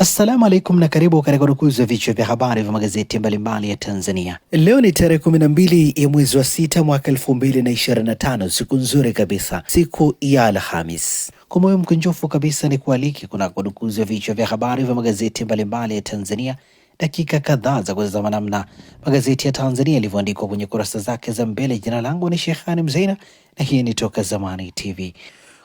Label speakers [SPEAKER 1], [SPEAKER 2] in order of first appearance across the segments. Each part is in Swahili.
[SPEAKER 1] Assalamu alaikum na karibu katika udukuzi wa vichwa vya habari vya magazeti mbalimbali ya Tanzania. Leo ni tarehe kumi na mbili ya mwezi wa sita mwaka elfu mbili na ishirini na tano siku nzuri kabisa, siku ya Alhamis. Kwa moyo mkunjofu kabisa ni kualiki kuna udukuzi wa vichwa vya habari vya magazeti mbalimbali ya Tanzania, dakika kadhaa za kutazama namna magazeti ya Tanzania yalivyoandikwa kwenye kurasa zake za mbele. Jina langu ni shehani Mzeina na hii ni Toka Zamani TV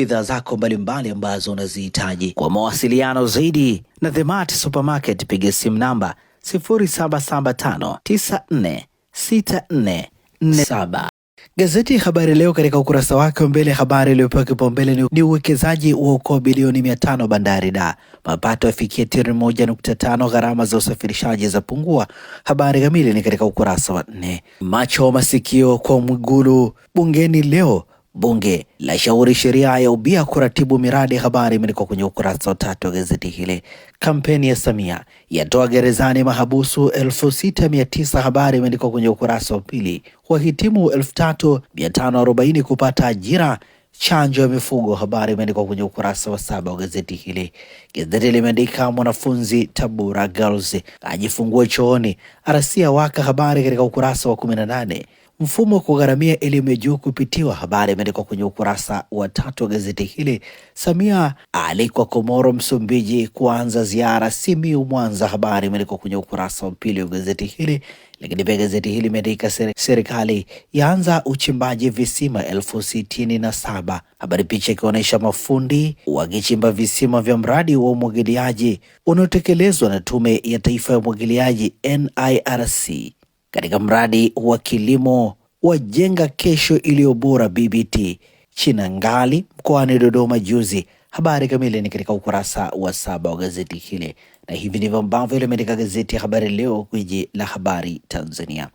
[SPEAKER 1] bidhaa zako mbalimbali ambazo unazihitaji. Kwa mawasiliano zaidi na The Mart Supermarket, piga simu namba 0775946447. Gazeti ya Habari Leo katika ukurasa wake mbele, habari iliyopewa kipaumbele ni uwekezaji wa ukoo bilioni mia tano bandari da, mapato yafikia trilioni moja nukta tano, gharama za usafirishaji za pungua. Habari kamili ni katika ukurasa wa nne. Macho masikio kwa Mwigulu bungeni leo Bunge la shauri sheria ya ubia kuratibu miradi habari imeandikwa kwenye ukurasa wa tatu wa gazeti hili. Kampeni ya Samia yatoa gerezani mahabusu 6900 habari imeandikwa kwenye ukurasa wa pili. Wahitimu 3540 kupata ajira chanjo ya mifugo habari imeandikwa kwenye ukurasa wa saba wa gazeti hili. Gazeti limeandika mwanafunzi Tabura Girls ajifungua chooni, arasia waka habari katika ukurasa wa 18. Mfumo wa kugharamia elimu ya juu kupitiwa, habari imeandikwa kwenye ukurasa wa tatu wa gazeti hili. Samia alikwa Komoro, Msumbiji kuanza ziara Simiyu, Mwanza, habari imeandikwa kwenye ukurasa wa pili wa gazeti hili. Lakini pia gazeti hili imeandika serikali yaanza uchimbaji visima elfu sitini na saba habari, picha ikionyesha mafundi wakichimba visima vya mradi wa umwagiliaji unaotekelezwa na Tume ya Taifa ya Umwagiliaji NIRC katika mradi wa kilimo wa Jenga Kesho Iliyo Bora BBT Chinangali mkoani Dodoma juzi. Habari kamili ni katika ukurasa wa saba wa gazeti hili, na hivi ndivyo ambavyo limeandika gazeti ya Habari Leo, gwiji la habari Tanzania,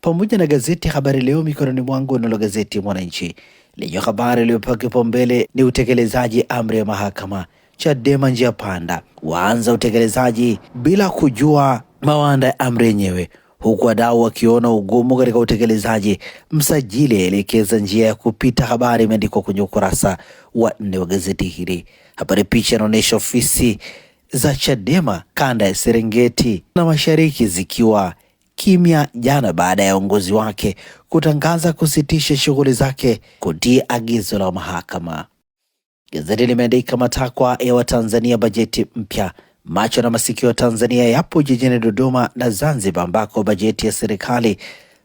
[SPEAKER 1] pamoja na gazeti Habari Leo mikononi mwangu. Nalo gazeti Mwananchi lenye habari iliyopewa kipaumbele ni utekelezaji amri ya mahakama, Chadema njia panda, waanza utekelezaji bila kujua mawanda ya amri yenyewe huku wadau wakiona ugumu katika utekelezaji. Msajili aelekeza njia ya kupita. Habari imeandikwa kwenye ukurasa wa nne wa gazeti hili. Habari picha inaonyesha ofisi za Chadema kanda ya Serengeti na Mashariki zikiwa kimya jana baada ya uongozi wake kutangaza kusitisha shughuli zake kutii agizo la mahakama. Gazeti limeandika matakwa ya Watanzania bajeti mpya Macho na masikio ya Tanzania yapo jijini Dodoma na Zanzibar ambako bajeti ya serikali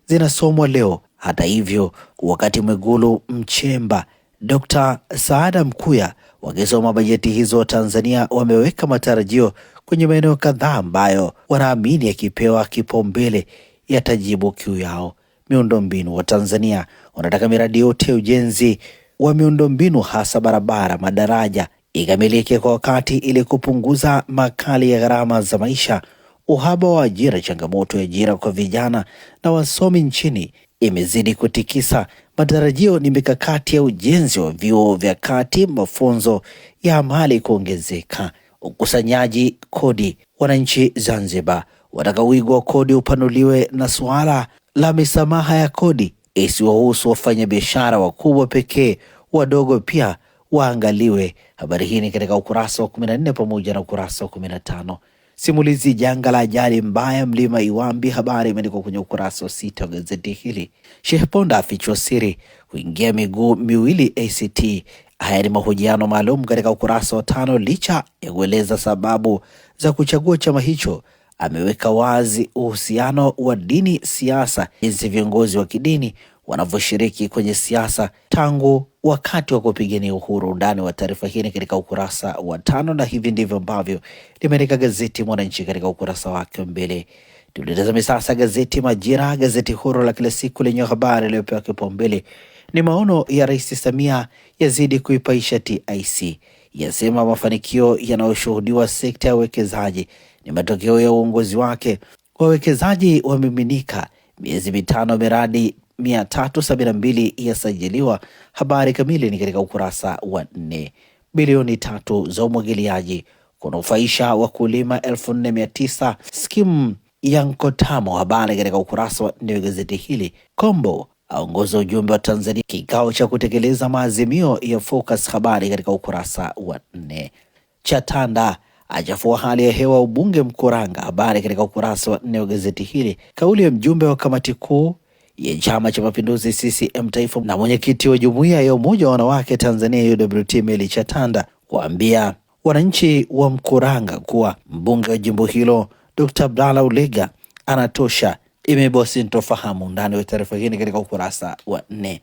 [SPEAKER 1] zinasomwa leo. Hata hivyo, wakati Mwigulu Mchemba, Dr. Saada Mkuya wakisoma bajeti hizo, wa Tanzania wameweka matarajio kwenye maeneo kadhaa ambayo wanaamini yakipewa kipaumbele yatajibu kiu yao. Miundombinu, wa Tanzania wanataka miradi yote ya ujenzi wa miundombinu hasa barabara, madaraja ikamilike kwa wakati ili kupunguza makali ya gharama za maisha, uhaba wa ajira, changamoto ya ajira kwa vijana na wasomi nchini imezidi kutikisa matarajio. Ni mikakati ya ujenzi wa vyuo vya kati, mafunzo ya amali kuongezeka, ukusanyaji kodi. Wananchi Zanzibar wataka wigo wa kodi upanuliwe na suala la misamaha ya kodi isiwahusu wafanyabiashara wakubwa pekee, wadogo pia waangaliwe. Habari hii ni katika ukurasa wa 14 pamoja na ukurasa wa 15. Simulizi janga la ajali mbaya mlima Iwambi, habari imeandikwa kwenye ukurasa wa sita wa gazeti hili. Sheikh Ponda afichwa siri kuingia miguu miwili ACT. Haya ni mahojiano maalum katika ukurasa wa tano. Licha ya kueleza sababu za kuchagua chama hicho, ameweka wazi uhusiano wa dini, siasa, jinsi viongozi wa kidini wanavyoshiriki kwenye siasa tangu wakati wa kupigania uhuru. Undani wa taarifa hii ni katika ukurasa wa tano, na hivi ndivyo ambavyo limeandika gazeti Mwananchi katika ukurasa wake wa mbele. Tulitazame sasa gazeti Majira, gazeti huru la kila siku lenye habari iliyopewa kipaumbele ni maono ya Rais Samia yazidi kuipaisha TIC, yasema mafanikio yanayoshuhudiwa sekta ya uwekezaji ni matokeo ya uongozi wake, wawekezaji wamiminika miezi mitano miradi 372 yasajiliwa. Habari kamili ni katika ukurasa wa nne. Bilioni tatu za umwagiliaji kunufaisha wakulima 4900 skimu ya Nkotamo. Habari katika ukurasa wa nne wa gazeti hili. Kombo aongoza ujumbe wa Tanzania kikao cha kutekeleza maazimio ya Focus. Habari katika ukurasa wa nne. Chatanda achafua hali ya hewa ubunge Mkuranga. Habari katika ukurasa wa nne wa gazeti hili. Kauli ya mjumbe wa kamati kuu ya Chama cha Mapinduzi CCM Taifa na mwenyekiti wa Jumuiya ya Umoja wa Wanawake Tanzania UWT Meli Chatanda kuambia wananchi wa Mkuranga kuwa mbunge wa jimbo hilo Dr. Abdalla Ulega anatosha. Imeboa sintofahamu ndani wa taarifa hii katika ukurasa wa nne.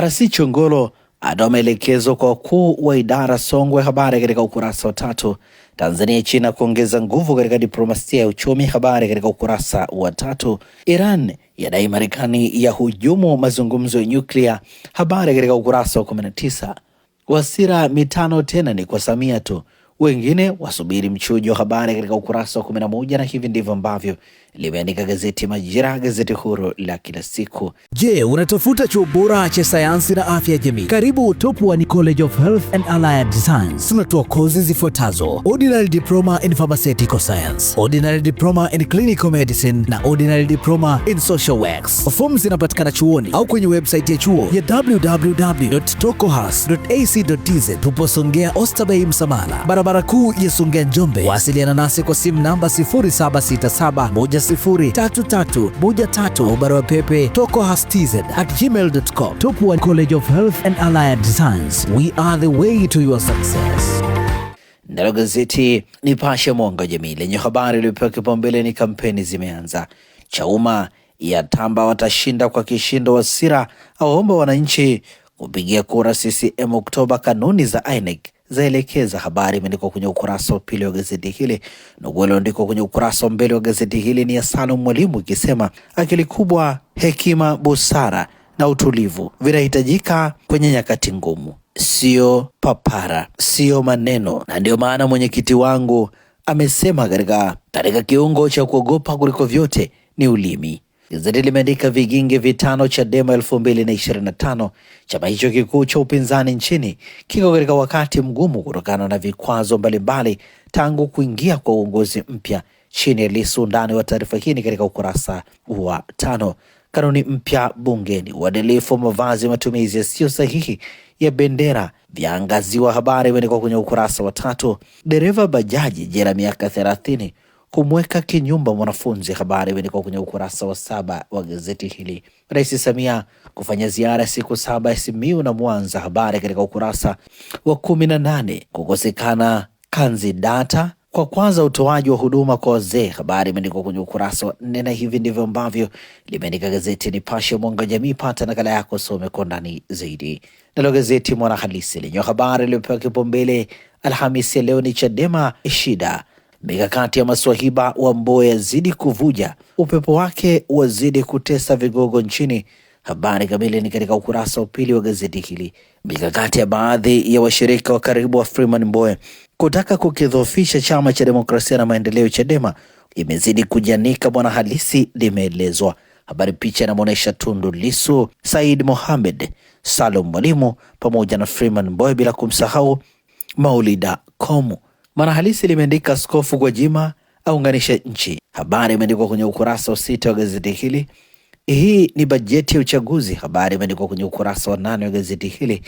[SPEAKER 1] RC Chongolo atoa maelekezo kwa wakuu wa idara Songwe, habari katika ukurasa wa tatu. Tanzania China kuongeza nguvu katika diplomasia ya uchumi. Habari katika ukurasa wa tatu. Iran yadai Marekani ya hujumu mazungumzo ya nyuklia. Habari katika ukurasa wa 19. Wasira mitano tena ni kwa Samia tu, wengine wasubiri mchujo. Habari katika ukurasa wa 11, na hivi ndivyo ambavyo limeandika gazeti Majira, gazeti huru la kila siku. Je, unatafuta chuo bora cha sayansi na afya ya jamii? Karibu top One College of Health and Allied Science. Tunatoa kozi zifuatazo: ordinary diploma in pharmaceutical science, ordinary diploma in clinical medicine na ordinary diploma in social works. Fomu zinapatikana chuoni au kwenye website ya chuo ya www.tokohas.ac.tz. Tupo Songea osterbay Msamala, barabara kuu ya Songea Njombe. Wasiliana nasi kwa simu namba 0767 03313 barua pepe tokohastz@gmail.com. College of Health and Allied Science, we are the way to your success. Nalo gazeti Nipashe mwanga jamii lenye habari iliyopewa kipaumbele ni kampeni zimeanza, Chauma yatamba watashinda kwa kishindo, Wasira awaomba wananchi kupigia kura CCM Oktoba, kanuni za INEC zaelekeza. Habari imeandikwa kwenye ukurasa wa pili wa gazeti hili, na ulioandikwa kwenye ukurasa wa mbele wa gazeti hili ni ya Salum Mwalimu ikisema akili kubwa, hekima, busara na utulivu vinahitajika kwenye nyakati ngumu, sio papara, sio maneno. Na ndiyo maana mwenyekiti wangu amesema katika katika kiungo cha kuogopa kuliko vyote ni ulimi. Gazeti limeandika vigingi vitano Chadema 2025, chama hicho kikuu cha upinzani nchini kiko katika wakati mgumu kutokana na vikwazo mbalimbali tangu kuingia kwa uongozi mpya chini ya Lissu. Undani wa taarifa hii ni katika ukurasa wa tano. Kanuni mpya bungeni, uadilifu wa mavazi, matumizi yasiyo sahihi ya bendera vyaangaziwa. Habari imeandikwa kwenye ukurasa wa tatu. Dereva bajaji jela miaka thelathini kumweka kinyumba mwanafunzi. Habari imeandikwa kwenye ukurasa wa saba wa gazeti hili. Rais Samia kufanya ziara ya siku saba ya simiu na Mwanza, habari katika ukurasa wa kumi na nane. Kukosekana data kwa kwanza utoaji wa huduma kwa wazee, habari imeandikwa kwenye ukurasa wa nne, na hivi ndivyo ambavyo limeandika gazeti Nipashe Mwanga Jamii. Pata nakala yako, some kwa ndani zaidi. Nalo gazeti Mwanahalisi lenye habari iliyopewa kipaumbele Alhamisi ya leo ni Chadema shida Mikakati ya maswahiba wa Mboya yazidi kuvuja, upepo wake wazidi kutesa vigogo nchini. Habari kamili ni katika ukurasa wa pili wa gazeti hili. Mikakati ya baadhi ya washirika wa karibu wa Freeman Mboya kutaka kukidhoofisha chama cha demokrasia na maendeleo Chadema imezidi kujanika, Bwana Halisi limeelezwa. Habari picha inamwonyesha Tundu Lisu, Said Mohamed, Salum Mwalimu pamoja na Freeman Mboya, bila kumsahau Maulida Komu. Mwanahalisi limeandika Askofu Gwajima aunganisha nchi. Habari imeandikwa kwenye ukurasa wa sita wa gazeti hili. Hii ni bajeti ya uchaguzi, habari imeandikwa kwenye ukurasa wa nane wa gazeti hili.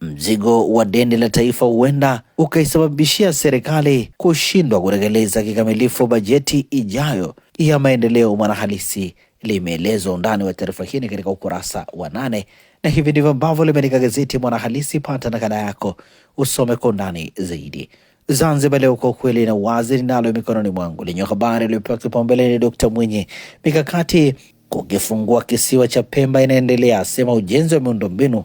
[SPEAKER 1] Mzigo wa deni la taifa huenda ukaisababishia serikali kushindwa kutekeleza kikamilifu bajeti ijayo ya maendeleo, Mwanahalisi limeelezwa. Undani wa taarifa hii ni katika ukurasa wa nane, na hivi ndivyo ambavyo limeandika gazeti Mwanahalisi. Pata nakala yako usome kwa undani zaidi. Zanzibar Leo, kwa ukweli na uwazi, ninalo mikononi mwangu lenye habari iliyopewa kipaumbele ni Dkt Mwinyi, mikakati kukifungua kisiwa cha Pemba inaendelea, asema ujenzi wa miundombinu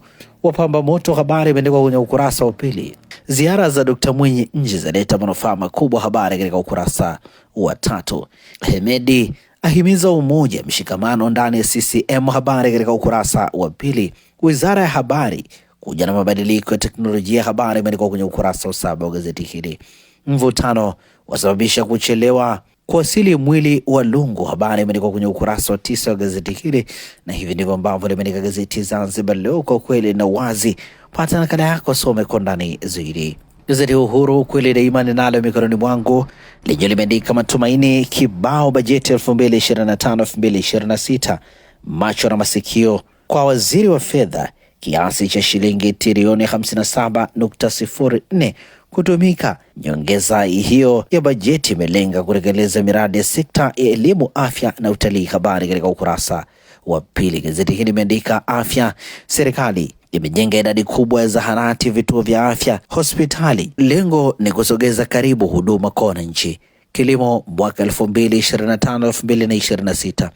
[SPEAKER 1] pamba moto. Habari imeandikwa kwenye ukurasa wa pili. Ziara za Dkt Mwinyi nje zaleta manufaa makubwa, habari katika ukurasa wa tatu. Hemedi ahimiza umoja, mshikamano ndani ya CCM, habari katika ukurasa wa pili. Wizara ya Habari kuja na mabadiliko ya teknolojia ya habari, imeandikwa kwenye ukurasa wa saba wa gazeti hili. Mvutano wasababisha kuchelewa kuwasili mwili wa Lungu, habari imeandikwa kwenye ukurasa wa tisa wa gazeti hili, na hivi ndivyo ambavyo limeandika gazeti Zanzibar Leo, kwa kweli na wazi. Pata nakala yako, some kwa ndani zaidi. Gazeti Uhuru kweli daima ninalo mikononi mwangu, lenyewe limeandika matumaini kibao, bajeti 2025 2026 macho na masikio kwa waziri wa fedha kiasi cha shilingi trilioni 57.04 kutumika. Nyongeza hiyo ya bajeti imelenga kutekeleza miradi ya sekta ya elimu, afya na utalii. Habari katika ukurasa wa pili, gazeti hili limeandika afya, serikali imejenga idadi kubwa ya zahanati, vituo vya afya, hospitali. Lengo ni kusogeza karibu huduma kwa wananchi. Kilimo, mwaka 2025 2026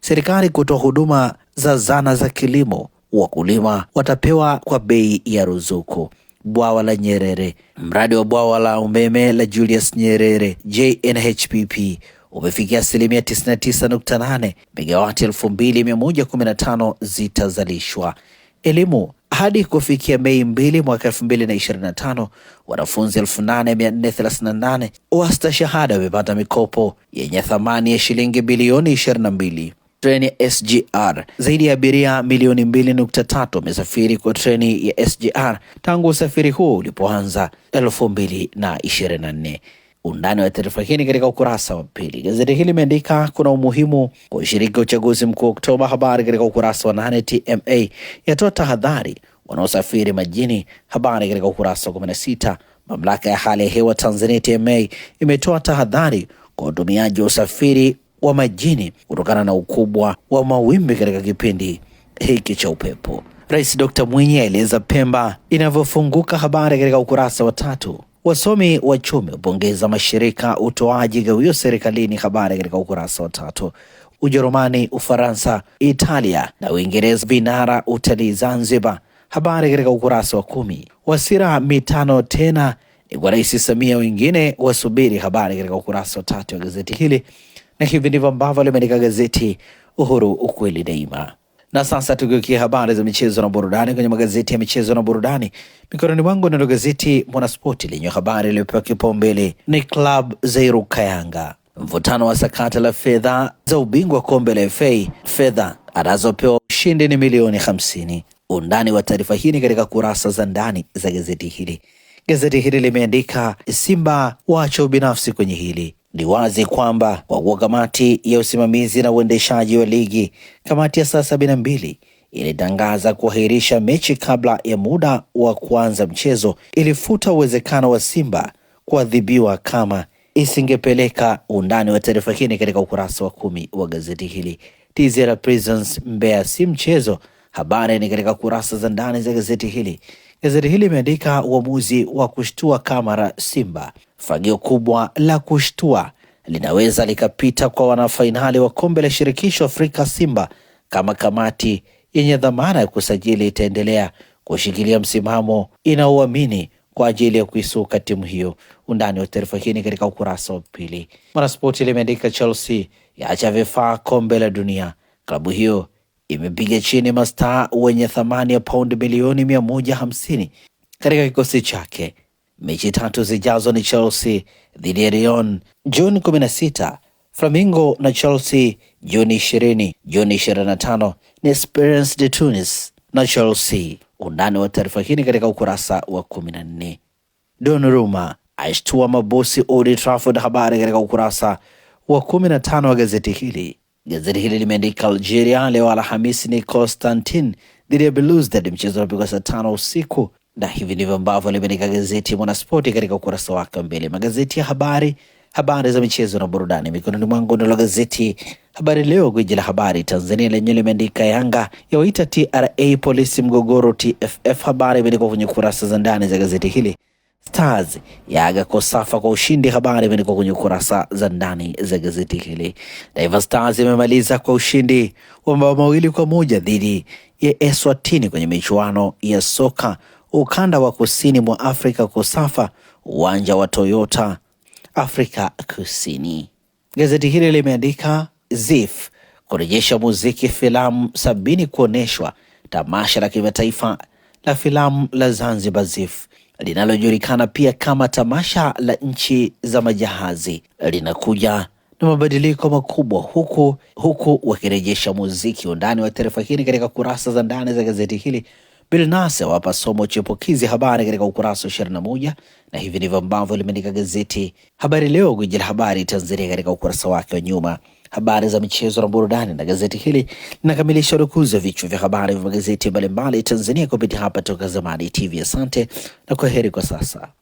[SPEAKER 1] serikali kutoa huduma za zana za kilimo wakulima watapewa kwa bei ya ruzuku. Bwawa la Nyerere. Mradi wa bwawa la umeme la Julius Nyerere JNHPP umefikia asilimia 99.8, megawati 2115 zitazalishwa. Elimu. Hadi kufikia Mei 2 mwaka 2025, wanafunzi 8438 wastashahada wamepata mikopo yenye thamani ya shilingi bilioni 22 treni ya SGR. Zaidi ya abiria milioni mbili nukta tatu wamesafiri kwa treni ya SGR tangu usafiri huo ulipoanza elfu mbili na ishirini na nne. Undani wa taarifa hii katika ukurasa wa pili. Gazeti hili limeandika kuna umuhimu kwa ushiriki wa uchaguzi mkuu Oktoba. Habari katika ukurasa wa nane. TMA yatoa tahadhari wanaosafiri majini. Habari katika ukurasa wa sita. Mamlaka ya hali ya hewa Tanzania TMA imetoa tahadhari kwa utumiaji wa usafiri wa majini kutokana na ukubwa wa mawimbi katika kipindi hiki cha upepo. Rais d Mwinyi aeleza Pemba inavyofunguka. Habari katika ukurasa wa tatu. Wasomi wachumi hupongeza mashirika utoaji gawio serikalini. Habari katika ukurasa wa tatu. Ujerumani, Ufaransa, Italia na Uingereza vinara utalii Zanzibar. Habari katika ukurasa wa kumi. Wasira mitano tena ni kwa Rais Samia, wengine wasubiri. Habari katika ukurasa wa tatu wa gazeti hili na hivi ndivyo ambavyo limeandika gazeti Uhuru, ukweli daima. Na sasa tugeukie habari za michezo na burudani kwenye magazeti ya michezo na burudani. Mikononi mwangu nalo gazeti Mwanaspoti lenye habari iliyopewa kipaumbele ni klabu zairuka Yanga, mvutano wa sakata la fedha za ubingwa kombe la FA, fedha anazopewa ushindi ni milioni hamsini. Undani wa taarifa hii ni katika kurasa za ndani za gazeti hili. Gazeti hili limeandika Simba waacha ubinafsi kwenye hili ni wazi kwamba kwa kuwa kamati ya usimamizi na uendeshaji wa ligi, kamati ya saa sabini na mbili ilitangaza kuahirisha mechi kabla ya muda wa kuanza mchezo, ilifuta uwezekano wa Simba kuadhibiwa kama isingepeleka. Undani wa taarifa hii katika ukurasa wa kumi wa gazeti hili. TZR Prisons Mbeya si mchezo, habari ni katika kurasa za ndani za gazeti hili. Gazeti hili imeandika uamuzi wa kushtua kamera Simba fagio kubwa la kushtua linaweza likapita kwa wanafainali wa kombe la shirikisho Afrika Simba kama kamati yenye dhamana ya kusajili itaendelea kushikilia msimamo inaouamini kwa ajili ya kuisuka timu hiyo. Undani wa taarifa hii ni katika ukurasa wa pili. Mwanaspoti limeandika Chelsea yaacha vifaa kombe la dunia. Klabu hiyo imepiga chini mastaa wenye thamani ya paundi milioni mia moja hamsini katika kikosi chake Mechi tatu zijazo ni Chelsea dhidi ya Lyon Juni 16, flamingo na Chelsea Juni 20. Juni 25 ni Esperance de Tunis na Chelsea. Undani wa taarifa hii ni katika ukurasa wa 14. Donnarumma aishtua mabosi Old Trafford, habari katika ukurasa wa 15 wa gazeti hili. Gazeti hili limeandika Algeria leo Alhamisi ni Constantine dhidi ya Belouizdad, mchezo unapigwa saa tano usiku na hivi ndivyo ambavyo limeandika gazeti Mwanaspoti katika ukurasa wake wa mbele. Magazeti ya habari, habari za michezo na burudani mikononi mwangu, Ndilo gazeti Habari Leo, gwiji la habari Tanzania, lenyewe limeandika Yanga yawaita TRA polisi mgogoro TFF. Habari imeandikwa kwenye kurasa za ndani za gazeti hili. Stars yaga Kosafa kwa ushindi. Habari imeandikwa kwenye kurasa za ndani za gazeti hili. Taifa Stars imemaliza kwa ushindi wa mabao mawili kwa moja dhidi ya Eswatini kwenye michuano ya soka ukanda wa kusini mwa Afrika kusafa uwanja wa Toyota Afrika Kusini. Gazeti hili limeandika ZIF kurejesha muziki filamu sabini kuonyeshwa tamasha la kimataifa la filamu la Zanzibar ZIF linalojulikana pia kama tamasha la nchi za majahazi linakuja na mabadiliko makubwa huku huku wakirejesha muziki. Undani wa taarifa hii katika kurasa za ndani za gazeti hili. Bilnas awapa somo chepukizi habari katika ukurasa wa moja na hivi ndivyo ambavyo limeandika gazeti Habari Leo, gwiji la habari Tanzania, katika ukurasa wake wa nyuma. Habari za michezo na burudani, na gazeti hili linakamilisha urukuzi wa vichwa vya habari vya magazeti mbalimbali Tanzania kupitia hapa Toka Zamani TV. Asante na kwa heri kwa sasa.